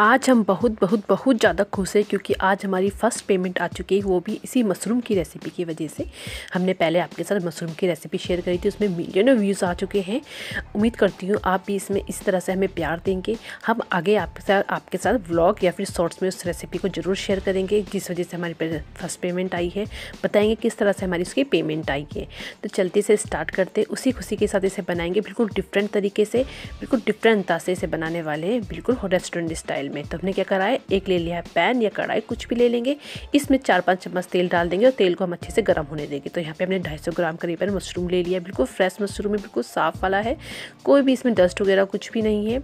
आज हम बहुत बहुत बहुत ज़्यादा खुश हैं क्योंकि आज हमारी फ़र्स्ट पेमेंट आ चुकी है वो भी इसी मशरूम की रेसिपी की वजह से हमने पहले आपके साथ मशरूम की रेसिपी शेयर करी थी उसमें मिलियनों व्यूज़ आ चुके हैं उम्मीद करती हूँ आप भी इसमें इस तरह से हमें प्यार देंगे हम आगे आपके साथ आपके साथ व्लॉग या फिर शॉर्ट्स में उस रेसिपी को ज़रूर शेयर करेंगे जिस वजह से हमारी फ़र्स्ट पेमेंट आई है बताएँगे किस तरह से हमारी उसकी पेमेंट आई है तो चलते से स्टार्ट करते उसी खुशी के साथ इसे बनाएंगे बिल्कुल डिफरेंट तरीके से बिल्कुल डिफरेंट अंदाज से इसे बनाने वाले हैं बिल्कुल रेस्टोरेंट स्टाइल में तो हमने क्या करा है एक ले लिया है पैन या कढ़ाई कुछ भी ले लेंगे इसमें चार पाँच चम्मच तेल डाल देंगे और तेल को हम अच्छे से गर्म होने देंगे तो यहाँ पे हमने ढाई ग्राम करीब मशरूम ले लिया बिल्कुल फ्रेश मशरूम है बिल्कुल साफ़ वाला है कोई भी इसमें डस्ट वगैरह कुछ भी नहीं है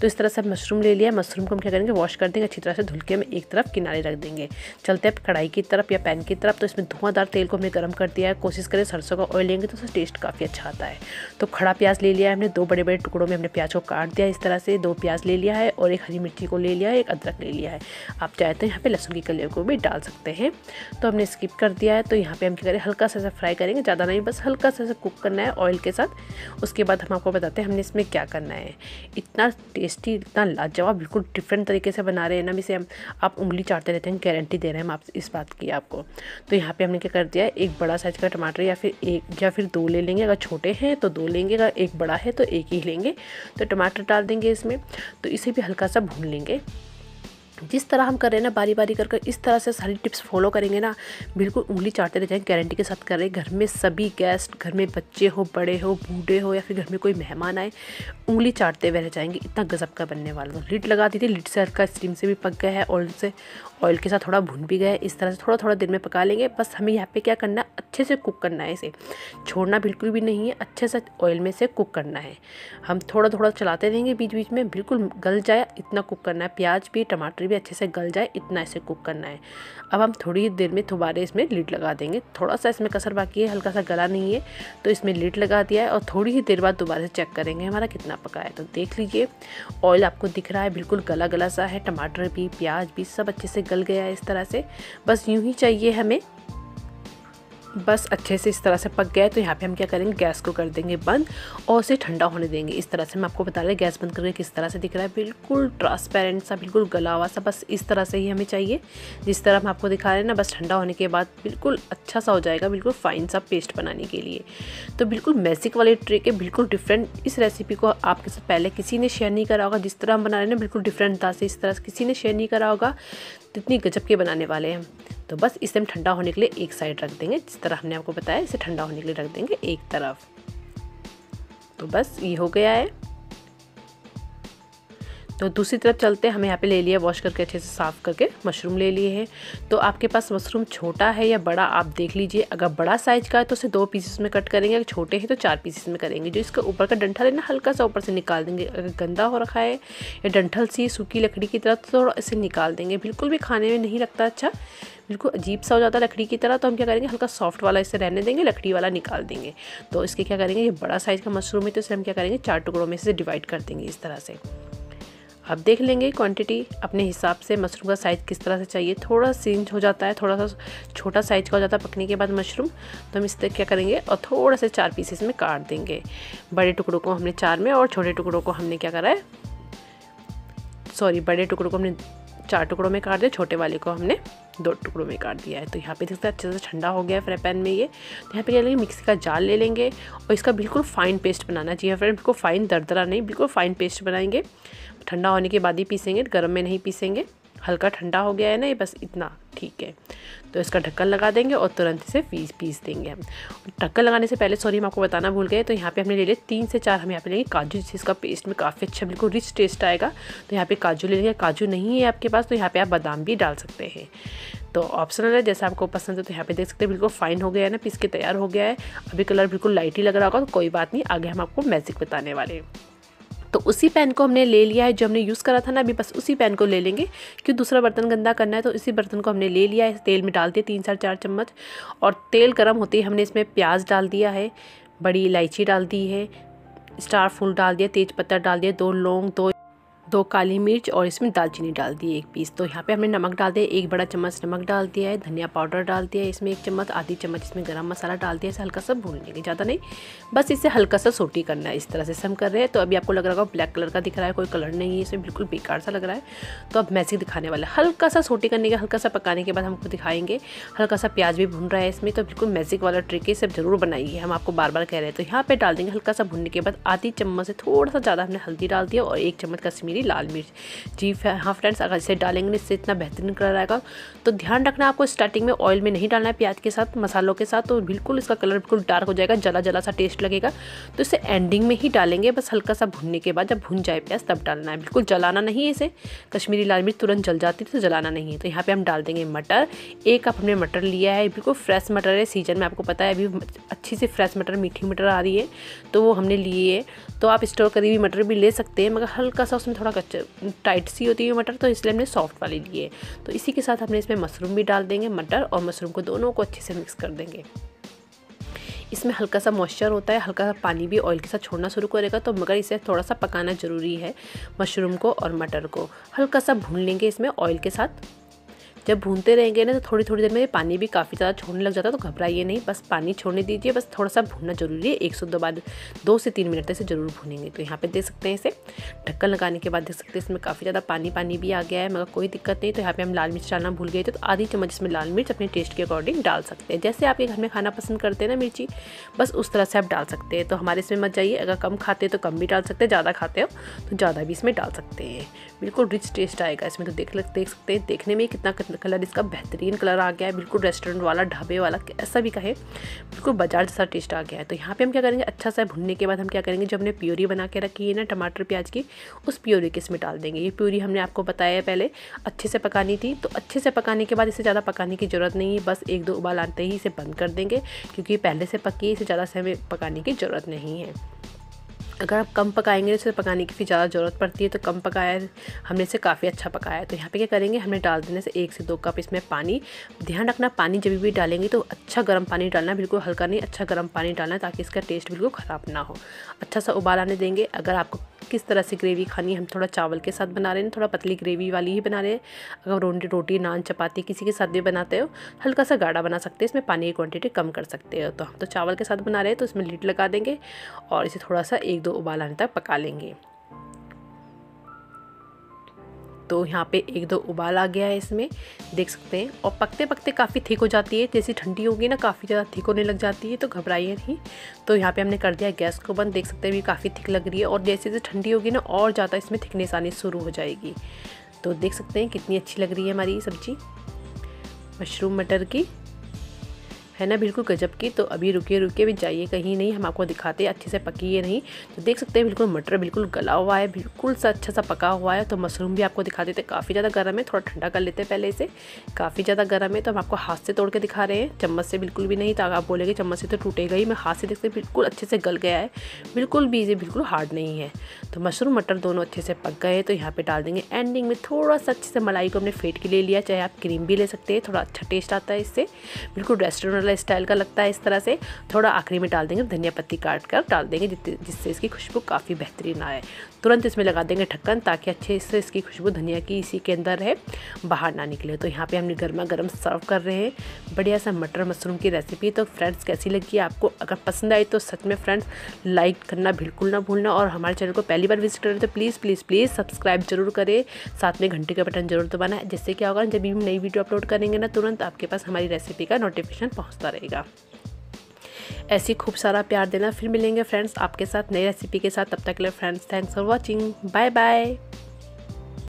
तो इस तरह से मशरूम ले लिया मशरूम को हम क्या करेंगे वॉश कर देंगे अच्छी तरह से धुल के हम एक तरफ किनारे रख देंगे चलते हैं कढ़ाई की तरफ या पैन की तरफ तो इसमें धुआंधार तेल को हमने गर्म कर दिया है कोशिश करें सरसों का ऑयल लेंगे तो उसका टेस्ट काफ़ी अच्छा आता है तो खड़ा प्याज ले लिया है हमने दो बड़े बड़े टुकड़ों में हमने प्याज को काट दिया इस तरह से दो प्याज ले लिया है और एक हरी मिर्ची को ले ले लिया है एक अदरक ले लिया है आप चाहे तो यहाँ पे लहसुन की कलियों को भी डाल सकते हैं तो हमने स्किप कर दिया है तो यहाँ पे हम क्या करें हल्का सा फ्राई करेंगे ज़्यादा नहीं बस हल्का सा कुक करना है ऑयल के साथ उसके बाद हम आपको बताते हैं हमने इसमें क्या करना है इतना टेस्टी इतना लाजवाब बिल्कुल डिफरेंट तरीके से बना रहे हैं ना इसे हम आप उंगली चाटते रहते हैं गारंटी दे रहे हैं हम आप इस बात की आपको तो यहाँ पर हमने क्या कर दिया है एक बड़ा साइज का टमाटर या फिर एक या फिर दो ले लेंगे अगर छोटे हैं तो दो लेंगे अगर एक बड़ा है तो एक ही लेंगे तो टमाटर डाल देंगे इसमें तो इसे भी हल्का सा भून लेंगे करके जिस तरह हम कर रहे हैं ना बारी बारी करके इस तरह से सारी टिप्स फॉलो करेंगे ना बिल्कुल उंगली चाटते रह जाएंगे गारंटी के साथ करें घर में सभी गेस्ट घर में बच्चे हो बड़े हो बूढ़े हो या फिर घर में कोई मेहमान आए उंगली चाटते हुए रह जाएंगे इतना गजब का बनने वाला लिट लगा दी थी लिट से हल्का स्टीम से भी पक गया है ऑयल से ऑयल के साथ थोड़ा भून भी गया इस तरह से थोड़ा थोड़ा देर में पका लेंगे बस हमें यहाँ पे क्या करना है अच्छे से कुक करना है इसे छोड़ना बिल्कुल भी नहीं है अच्छे से ऑयल में से कुक करना है हम थोड़ा थोड़ा चलाते रहेंगे बीच बीच में बिल्कुल गल जाए इतना कुक करना है प्याज भी टमाटर भी अच्छे से गल जाए इतना इसे कुक करना है अब हम थोड़ी देर में दोबारा इसमें लीड लगा देंगे थोड़ा सा इसमें कसर बाकी है हल्का सा गला नहीं है तो इसमें लीड लगा दिया है और थोड़ी ही देर बाद दोबारा से चेक करेंगे हमारा कितना पका है तो देख लीजिए ऑयल आपको दिख रहा है बिल्कुल गला गला सा है टमाटर भी प्याज भी सब अच्छे से निकल गया इस तरह से बस यूं ही चाहिए हमें बस अच्छे से इस तरह से पक गया है तो यहाँ पे हम क्या करेंगे गैस को कर देंगे बंद और उसे ठंडा होने देंगे इस तरह से मैं आपको बता रहा गैस बंद करके किस तरह से दिख रहा है बिल्कुल ट्रांसपेरेंट सा बिल्कुल गला हुआ सा बस इस तरह से ही हमें चाहिए जिस तरह हम आपको दिखा रहे हैं ना बस ठंडा होने के बाद बिल्कुल अच्छा सा हो जाएगा बिल्कुल फाइन सा पेस्ट बनाने के लिए तो बिल्कुल मैसिक वाली ट्रिक है बिल्कुल डिफरेंट इस रेसिपी को आपके साथ पहले किसी ने शेयर नहीं करा होगा जिस तरह हम बना रहे हैं ना बिल्कुल डिफरेंट था से इस तरह से किसी ने शेयर नहीं करा होगा तो इतनी गजब के बनाने वाले हैं तो बस इसे हम ठंडा होने के लिए एक साइड रख देंगे जिस तरह हमने आपको बताया इसे ठंडा होने के लिए रख देंगे एक तरफ तो बस ये हो गया है तो दूसरी तरफ चलते हैं हमें यहाँ पे ले लिया वॉश करके अच्छे से साफ़ करके मशरूम ले लिए हैं तो आपके पास मशरूम छोटा है या बड़ा आप देख लीजिए अगर बड़ा साइज़ का है तो उसे दो पीसेस में कट करेंगे अगर छोटे हैं तो चार पीसेस में करेंगे जो इसका ऊपर का डंठल है ना हल्का सा ऊपर से निकाल देंगे अगर गंदा हो रखा है या डंठल सी सूखी लकड़ी की तरह तो थोड़ा इसे निकाल देंगे बिल्कुल भी खाने में नहीं लगता अच्छा बिल्कुल अजीब सा हो जाता है लकड़ी की तरह तो हम क्या करेंगे हल्का सॉफ्ट वाला इसे रहने देंगे लकड़ी वाला निकाल देंगे तो इसके क्या करेंगे ये बड़ा साइज़ का मशरूम है तो इसे हम क्या करेंगे चार टुकड़ों में इसे डिवाइड कर देंगे इस तरह से अब देख लेंगे क्वांटिटी अपने हिसाब से मशरूम का साइज़ किस तरह से चाहिए थोड़ा सींज हो जाता है थोड़ा सा छोटा साइज़ का हो जाता है पकने के बाद मशरूम तो हम इस तरह क्या करेंगे और थोड़ा से चार पीसेस में काट देंगे बड़े टुकड़ों को हमने चार में और छोटे टुकड़ों को हमने क्या करा है सॉरी बड़े टुकड़ों को हमने चार टुकड़ों में काट दिया छोटे वाले को हमने दो टुकड़ों में काट दिया है तो यहाँ पे देखते हैं अच्छे से ठंडा हो गया है फ्राई पैन में ये तो यहाँ पे क्या लेंगे मिक्सी का जाल ले लेंगे और इसका बिल्कुल फाइन पेस्ट बनाना चाहिए फ्रेंड बिल्कुल फाइन दरदरा नहीं बिल्कुल फाइन पेस्ट बनाएंगे ठंडा होने के बाद ही पीसेंगे गर्म में नहीं पीसेंगे हल्का ठंडा हो गया है ना ये बस इतना ठीक है तो इसका ढक्कन लगा देंगे और तुरंत इसे पीस पीस देंगे हम ढक्कन लगाने से पहले सॉरी हम आपको बताना भूल गए तो यहाँ पे हमने ले लिए तीन से चार हम यहाँ पे लेंगे काजू जिससे इसका पेस्ट में काफ़ी अच्छा बिल्कुल रिच टेस्ट आएगा तो यहाँ पे काजू ले लेंगे काजू नहीं है आपके पास तो यहाँ पे आप बादाम भी डाल सकते हैं तो ऑप्शनल है जैसा आपको पसंद है तो यहाँ पे देख सकते हैं बिल्कुल फाइन हो गया है ना पीस के तैयार हो गया है अभी कलर बिल्कुल लाइट ही लग रहा होगा तो कोई बात नहीं आगे हम आपको मैजिक बताने वाले हैं तो उसी पैन को हमने ले लिया है जो हमने यूज़ करा था ना अभी बस उसी पैन को ले लेंगे क्योंकि दूसरा बर्तन गंदा करना है तो इसी बर्तन को हमने ले लिया है तेल में डाल दिया तीन चार चार चम्मच और तेल गर्म होते ही हमने इसमें प्याज डाल दिया है बड़ी इलायची डाल दी है स्टार फूल डाल दिया तेज पत्ता डाल दिया दो लौंग दो दो काली मिर्च और इसमें दालचीनी डाल दी एक पीस तो यहाँ पे हमने नमक डाल दिया एक बड़ा चम्मच नमक डाल दिया है धनिया पाउडर डाल दिया है इसमें एक चम्मच आधी चम्मच इसमें गरम मसाला डाल दिया इसे हल्का सा भूनने के ज़्यादा नहीं बस इसे हल्का सा सोटी करना है इस तरह से हम कर रहे हैं तो अभी आपको लग रहा होगा ब्लैक कलर का दिख रहा है कोई कलर नहीं है इसमें बिल्कुल बेकार सा लग रहा है तो अब मैसी दिखाने वाला है हल्का सा सोटी करने का हल्का सा पकाने के बाद हमको दिखाएंगे हल्का सा प्याज भी भून रहा है इसमें तो बिल्कुल मैजिक वाला ट्रिक है सब जरूर बनाइए हम आपको बार बार कह रहे हैं तो यहाँ पर डाल देंगे हल्का सा भूनने के बाद आधी चम्मच से थोड़ा सा ज़्यादा हमने हल्दी डाल दिया और एक चम्मच कश्मीरी होगी लाल मिर्च जी हाँ फ्रेंड्स अगर इसे डालेंगे इससे इतना बेहतरीन कलर आएगा तो ध्यान रखना आपको स्टार्टिंग में ऑयल में नहीं डालना है प्याज के साथ मसालों के साथ तो बिल्कुल इसका कलर बिल्कुल डार्क हो जाएगा जला जला सा टेस्ट लगेगा तो इसे एंडिंग में ही डालेंगे बस हल्का सा भुनने के बाद जब भुन जाए प्याज तब डालना है बिल्कुल जलाना नहीं है इसे कश्मीरी लाल मिर्च तुरंत जल जाती है तो जलाना नहीं है तो यहाँ पर हम डाल देंगे मटर एक कप हमने मटर लिया है बिल्कुल फ्रेश मटर है सीजन में आपको पता है अभी अच्छी सी फ्रेश मटर मीठी मटर आ रही है तो वो हमने लिए तो आप स्टोर करी हुई मटर भी ले सकते हैं मगर हल्का सा उसमें थोड़ा कच्चा टाइट सी होती है मटर तो इसलिए हमने सॉफ्ट वाली ली है तो इसी के साथ हमने इसमें मशरूम भी डाल देंगे मटर और मशरूम को दोनों को अच्छे से मिक्स कर देंगे इसमें हल्का सा मॉइस्चर होता है हल्का सा पानी भी ऑयल के साथ छोड़ना शुरू करेगा तो मगर इसे थोड़ा सा पकाना ज़रूरी है मशरूम को और मटर को हल्का सा भून लेंगे इसमें ऑयल के साथ जब भूनते रहेंगे ना तो थोड़ी थोड़ी देर में पानी भी काफ़ी ज़्यादा छोड़ने लग जाता है तो घबराइए नहीं बस पानी छोड़ने दीजिए बस थोड़ा सा भूनना जरूरी है एक सौ दो बार दो से तीन मिनट तक इसे ज़रूर भूनेंगे तो यहाँ पे देख सकते हैं इसे ढक्कन लगाने के बाद देख सकते हैं इसमें काफ़ी ज़्यादा पानी पानी भी आ गया है मगर कोई दिक्कत नहीं तो यहाँ पर हम लाल मिर्च डालना भूल गए थे तो आधी चम्मच इसमें लाल मिर्च अपने टेस्ट के अकॉर्डिंग डाल सकते हैं जैसे आपके घर में खाना पसंद करते हैं ना मिर्ची बस उस तरह से आप डाल सकते हैं तो हमारे इसमें मत जाइए अगर कम खाते हैं तो कम भी डाल सकते हैं ज़्यादा खाते हो तो ज़्यादा भी इसमें डाल सकते हैं बिल्कुल रिच टेस्ट आएगा इसमें तो देख देख सकते हैं देखने में कितना कितना कलर इसका बेहतरीन कलर आ गया है बिल्कुल रेस्टोरेंट वाला ढाबे वाला ऐसा भी कहे बिल्कुल बाजार जैसा टेस्ट आ गया है तो यहाँ पे हम क्या करेंगे अच्छा सा भुनने के बाद हम क्या करेंगे जो हमने प्योरी बना के रखी है ना टमाटर प्याज की उस प्योरी के इसमें डाल देंगे ये प्योरी हमने आपको बताया है पहले अच्छे से पकानी थी तो अच्छे से पकाने के बाद इसे ज़्यादा पकाने की ज़रूरत नहीं है बस एक दो उबाल आते ही इसे बंद कर देंगे क्योंकि पहले से पकी है इसे ज़्यादा समय पकाने की ज़रूरत नहीं है अगर आप कम पकाएंगे तो इसे पकाने की फिर ज़्यादा ज़रूरत पड़ती है तो कम पकाया हमने इसे काफ़ी अच्छा पकाया तो यहाँ पे क्या करेंगे हमने डाल देने से एक से दो कप इसमें पानी ध्यान रखना पानी जब भी डालेंगे तो अच्छा गर्म पानी डालना बिल्कुल हल्का नहीं अच्छा गर्म पानी डालना ताकि इसका टेस्ट बिल्कुल ख़राब ना हो अच्छा सा उबाल आने देंगे अगर आपको किस तरह से ग्रेवी खानी है हम थोड़ा चावल के साथ बना रहे हैं थोड़ा पतली ग्रेवी वाली ही बना रहे हैं अगर रोटी रोटी नान चपाती किसी के साथ भी बनाते हो हल्का सा गाढ़ा बना सकते हैं इसमें पानी की क्वान्टिटी कम कर सकते हो तो हम तो चावल के साथ बना रहे हैं तो इसमें लीट लगा देंगे और इसे थोड़ा सा एक दो उबाल आने तक पका लेंगे तो यहाँ पे एक दो उबाल आ गया है इसमें देख सकते हैं और पकते पकते काफ़ी थिक हो जाती है जैसी ठंडी होगी ना काफ़ी ज़्यादा थिक होने लग जाती है तो घबराइए नहीं तो यहाँ पे हमने कर दिया गैस को बंद देख सकते हैं भी काफ़ी थिक लग रही है और जैसे जैसे ठंडी होगी ना और ज़्यादा इसमें थिकनेस आनी शुरू हो जाएगी तो देख सकते हैं कितनी अच्छी लग रही है हमारी सब्ज़ी मशरूम मटर की है ना बिल्कुल गजब की तो अभी रुके रुके भी जाइए कहीं नहीं हम आपको दिखाते हैं अच्छे से पकी है नहीं तो देख सकते हैं बिल्कुल मटर बिल्कुल गला हुआ है बिल्कुल सा अच्छा सा पका हुआ है तो मशरूम भी आपको दिखा देते काफ़ी ज़्यादा गर्म है थोड़ा ठंडा कर लेते हैं पहले इसे काफ़ी ज़्यादा गर्म है तो हम आपको हाथ से तोड़ के दिखा रहे हैं चम्मच से बिल्कुल भी नहीं तो आप बोलेंगे चम्मच से तो टूटेगा ही मैं हाथ से देखते बिल्कुल अच्छे से गल गया है बिल्कुल भी ये बिल्कुल हार्ड नहीं है तो मशरूम मटर दोनों अच्छे से पक गए तो यहाँ पर डाल देंगे एंडिंग में थोड़ा सा अच्छे से मलाई को हमने फेट के ले लिया चाहे आप क्रीम भी ले सकते हैं थोड़ा अच्छा टेस्ट आता है इससे बिल्कुल रेस्टोरेंट मॉडर्न स्टाइल का लगता है इस तरह से थोड़ा आखिरी में डाल देंगे धनिया पत्ती काट कर डाल देंगे जिससे इसकी खुशबू काफ़ी बेहतरीन आए तुरंत इसमें लगा देंगे ढक्कन ताकि अच्छे से इसकी खुशबू धनिया की इसी के अंदर रहे बाहर ना निकले तो यहाँ पे हमने गर्मा गर्म सर्व कर रहे हैं बढ़िया सा मटर मशरूम की रेसिपी तो फ्रेंड्स कैसी लगी आपको अगर पसंद आई तो सच में फ्रेंड्स लाइक करना बिल्कुल ना भूलना और हमारे चैनल को पहली बार विजिट करें तो प्लीज़ प्लीज़ प्लीज़ सब्सक्राइब जरूर करें साथ में घंटे का बटन जरूर दबाना है जिससे क्या होगा जब भी हम नई वीडियो अपलोड करेंगे ना तुरंत आपके पास हमारी रेसिपी का नोटिफिकेशन पहुँच हंसता रहेगा ऐसी खूब सारा प्यार देना फिर मिलेंगे फ्रेंड्स आपके साथ नई रेसिपी के साथ तब तक के लिए friends thanks for watching bye bye